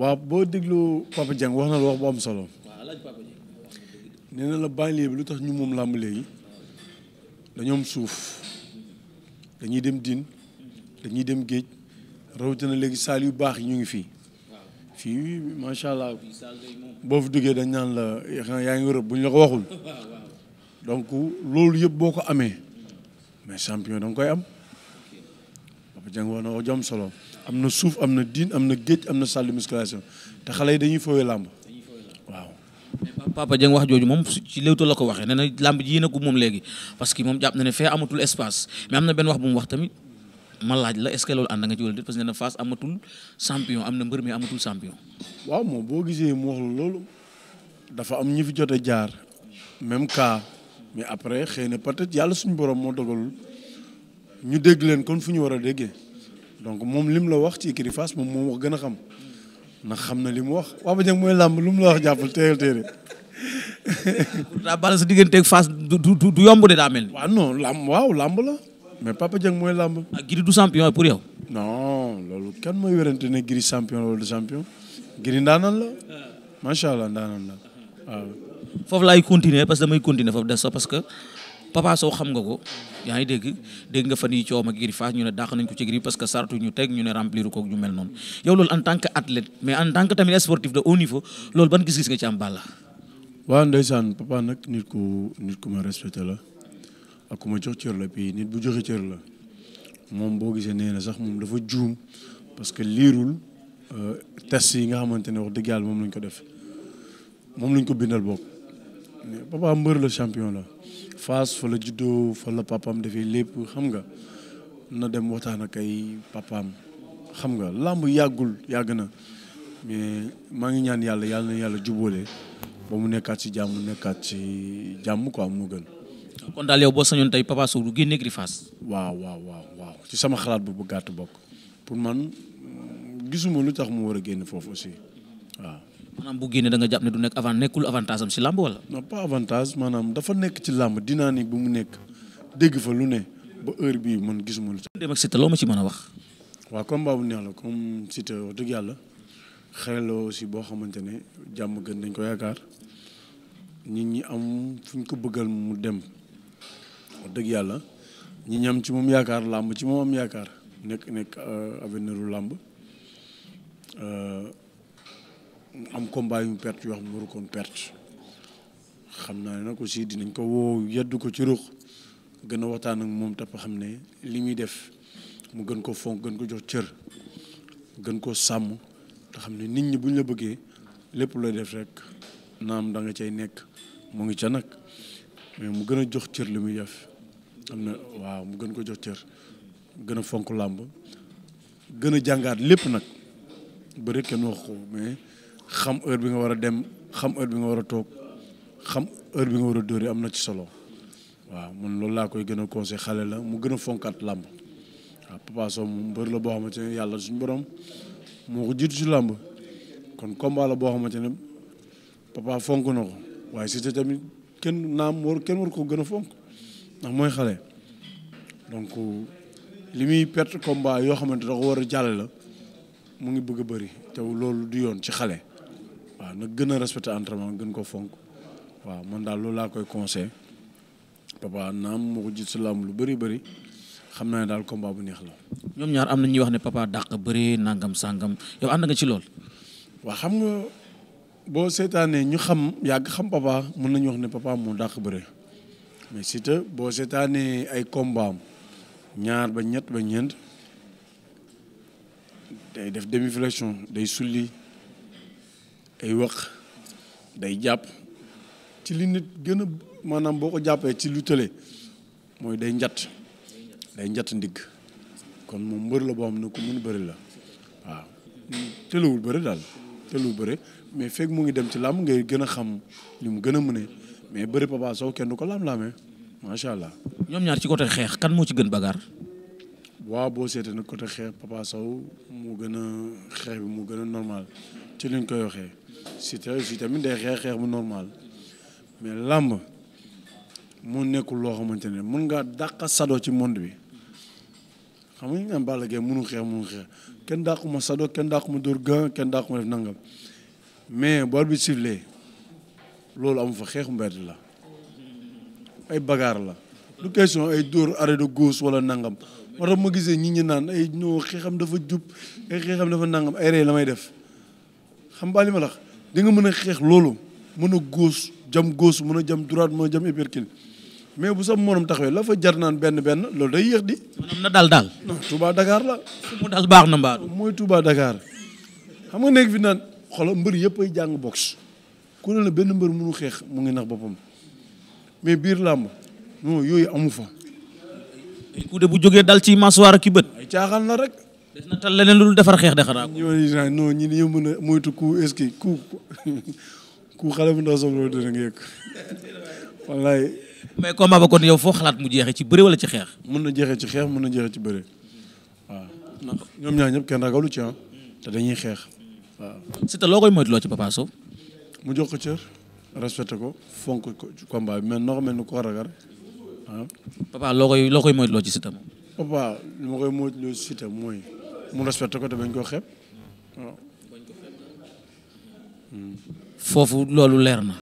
waaw boo déglu Papa Dieng wax na la wax bu am solo nee na la banlieue bi lu tax ñu moom làmb léegi dañoo suuf dañuy dem din dañuy dem géej rawatina léegi saal yu baax yi ñu ngi fii fii macha allah boo fi duggee dañ naan la yaa ngi rëb bu la ko waxul donc loolu yëpp boo ko amee mais champion da koy am Papa Dieng wax na ko jom solo am na suuf am na diin am na géej am na salle de musculation te xale yi dañuy fooyee làmb waaw. mais papa Dieng wax jooju moom ci Leewtoo la ko waxee nee na làmb ji yéen a moom léegi parce que moom jàpp na ne fee amatul espace mais am na benn wax bu mu wax tamit ma laaj la est-ce que loolu nga ci wala déet parce que nee na Fass amatul champion am na mbër mi amatul champion. waaw moom boo gisee mu wax loolu dafa am ñi fi jot a jaar même cas mais après xëy na peut-être yàlla suñu borom moo dogalul ñu dégg leen kon fu ñu war a donc moom lim la wax ci écurie Fass moom moo wax gën a xam ndax xam na li mu wax Papa Dieng mooy làmb lu mu la wax jàppal téyel téere daa bala sa digganteeg Fass du du du yomb de daa waaw non la mais Papa Dieng mooy làmb ah Gris du champion pour yow non loolu kan mooy werante ne Gris champion loolu du champion Gris ndaanan la macha allah ndaanan la waaw foofu laay continuer parce que damay continuer foofu def sax Papa Sow xam nga ko yaa ngi dégg dégg nga fan yi coow ak Gris Fass ñu ne dàq nañ ko ci Gris parce que sartu ñu teg ñu ne remplir ko ñu mel noonu yow loolu en tant que athlète mais en tant que tamit sportif de haut niveau loolu ban gis-gis nga ci am Balla. waaw ndeysaan papa nag nit ku nit ku ma respecté la ak ku ma jox cër la puis nit bu joxe cër la moom boo gisee nee na sax moom dafa juum parce que liirul euh, test yi nga xamante ne wax dëgg yàlla moom lañ ko def moom lañ ko bindal bokk. mais papa mbër la champion la Fass fa la juddoo fa la papaam defee lépp xam nga na dem waxtaan ak ay papaam xam nga làmb yàggul yàgg na mais maa ngi ñaan yàlla yàlla na yàlla jubóole ba mu nekkaat ci jàmm nekkaat ci jàmm ko moo gën. kon daal yow boo sañoon tey Papa Sow du génne Gris Fass. waaw waaw waaw waaw ci sama xalaat bu bu gàtt bokk pour man gisuma lu tax mu war a génn foofu aussi waaw. maanaam bu génne da nga jàpp ne du nekk avant nekkul avantage am si làmb wala. non pas avantage maanaam dafa nekk ci làmb dynamique bu mu nekk dégg fa lu ne ba heure bii man gisuma lu ci. dem ma ci mën a wax. waaw combat bu neex la comme Siteu dëgg yàlla xëy aussi boo xamante ne jàmm gën dañ ko yaakaar ñi am fu ko bëggal mu dem dëgg yàlla ñi ñam ci moom yaakaar làmb ci moom am yaakaar nekk nekk euh, avenir u làmb. Euh, am combat yu mu perte yoo xam ne waru koon perte xam naa ne nag aussi dinañ ko woo yeddu ko ci ruux gën a waxtaan ak moom tapp xam ne li muy def mu gën ko fonk gën ko jox cër gën ko sàmm te xam ne nit ñi buñ la bëggee lépp looy def rek naam da nga cay nekk mu ngi ca nag mais mu gën a jox cër li muy def am na waaw mu gën ko jox cër gën a fonk làmb gën a jàngaat lépp nag bëri kenn wax ko xam heure bi nga war a dem xam heure bi nga war a toog xam heure bi nga war a dóori am na ci solo waaw man loolu laa koy gën a conseil xale la mu gën a fonkaat làmb waaw Papa la boo xamante ne yàlla suñu borom moo ko ci làmb kon combat boo xamante ne papa fonk na ko waaye Siteu tamit kenn naam war kenn war ko gën a fonk ndax mooy xale donc li muy perte combat yoo xamante da war a jàlle la mu ngi bugg a bëri te loolu du yoon ci xale waaw nag gën a respecté gën ko fonk waaw man daal loolu laa koy conseil papa naam moo ko jiit si làmb lu bëri bari xam naa ne daal combat bu neex la. ñoom ñaar am na ñuy wax ne papa dàq bari nangam sangam yow ànd nga ci lool. waaw xam nga boo seetaanee ñu xam yàgg xam papa mën nañu wax ne papa mu dàq bari mais Siteu boo seetaanee ay kombaam ñaar ba ñett ba ñeent day def demi flexion day sulli ay wax day jàpp ci li nit gën a maanaam boo ko jàppee ci lu tële mooy day njat day njat ndigg kon moom mbër la boo xam ne ku mun bari la waaw tëlewul bëri daal tëlewul bëri mais fekk mu ngi dem ci làmb ngay gën a xam li mu gën a mëne mais bëri Papa Sow kenn du ko laam-laamee macha allah. ñoom ñaar ci côté xeex kan moo ci gën bagaar. waaw boo seetee nag côté xeex Papa moo mu gën a xeex bi mu gën a normal ci liñ koy waxee Siteu aussi tamit day xeex xeex bu normal mais làmb moo nekkul loo xamante ne mun nga dàq sado ci monde bi xam nga ñu Balla Gaye munu xeex munu xeex kenn ma sado kenn dàquma dóor gan kenn dàquma def nangam mais bor bi siflee loolu amu fa mu mbedd la ay bagaar la lu question ay dóor arrêt de gauche wala nangam moo ma gisee ñi ñu naan ay ñoo xeexam dafa jub ay xeexam dafa nangam ay rey la may def xam baa li ma nga mën a xeex loolu mën a góos jam góos mun a jam droite mën a jam uppercut mais bu sa morom taxawee la fa jar naan benn benn loolu day yéex di. maanaam na dal daal. non Touba Dakar la. mu dal baax na mbaa. mooy Touba Dakar xam nga nekk fi naan xoolal mbër yëpp ay jàng box ku ne benn mbër mënu xeex mu ngi nax boppam mais biir làmb non yooyu amu fa. ay bu jógee dal ci masuwaar ki bët. ay caaxaan la rek. na tal leneen lu defar xeex de xanaa. ñooñu non ñi a moytu ku est ku ku xale bu ndaw soog loolu dina yëg mais combat ba kon yow foo xalaat mu jeexee ci bëre wala ci xeex. mën na jeexee ci xeex mën na jeexee ci bëre waaw ndax ñoom ñaar ñëpp kenn ragalu ci ah. te dañuy xeex waaw. c'est loo koy moytuloo ci Papa Sow. mu jox ko cër ko fonk ko combat bi mais noo mel ni ko ragal ah. papa loo koy loo koy loo ci Siteu moom. papa li ma koy moytuloo ci Siteu mooy. mu respecté ko te bañ koo xeeb waaw. foofu loolu leer na